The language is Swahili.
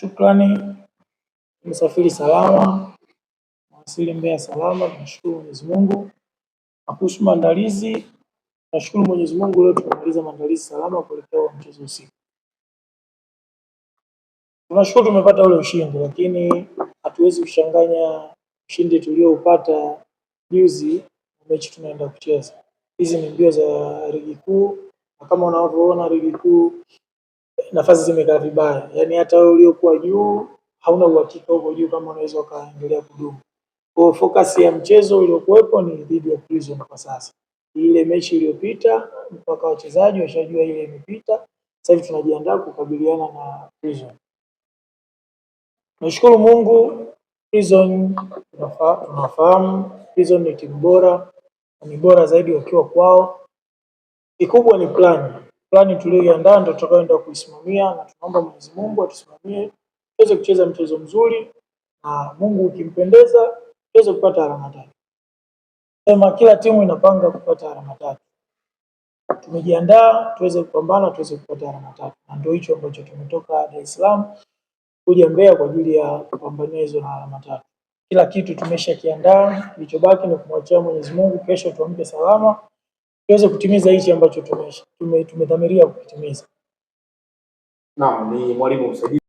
Shukrani, umesafiri salama, umewasili Mbeya salama, tunashukuru Mwenyezi Mungu. Na kuhusu maandalizi, nashukuru Mwenyezi Mungu, leo tumemaliza maandalizi salama kuelekea mchezo usiku. Tunashukuru tumepata ule ushindi, lakini hatuwezi kuchanganya ushindi tulioupata juzi na mechi tunaenda kucheza. Hizi ni mbio za ligi kuu, na kama unavyoona ligi kuu nafasi zimekaa vibaya, yaani hata wewe uliokuwa juu hauna uhakika huko juu kama unaweza ukaendelea kudumu. Kwa focus ya mchezo uliokuwepo ni dhidi ya Prison kwa sasa. Ile mechi iliyopita mpaka wachezaji washajua ile imepita, sasa hivi tunajiandaa kukabiliana na Prison. Nashukuru Mungu, Prison tunafahamu Prison ni timu bora, ni bora zaidi wakiwa kwao. Kikubwa ni plani plani tuliyoiandaa ndio tutakayoenda kuisimamia, na tunaomba Mwenyezi Mungu atusimamie tuweze kucheza mchezo mzuri, na Mungu ukimpendeza tuweze kupata alama tatu. Sema kila timu inapanga kupata alama tatu. Tumejiandaa tuweze kupambana, tuweze kupata alama tatu, na ndio hicho ambacho tumetoka Dar es Salaam kuja Mbeya kwa ajili ya kupambania hizo na alama tatu. Kila kitu tumeshakiandaa, kilichobaki ni kumwachia Mwenyezi Mungu, kesho tuamke salama tuweze kutimiza hichi ambacho tumedhamiria kukitimiza. Naam, ni mwalimu msaidizi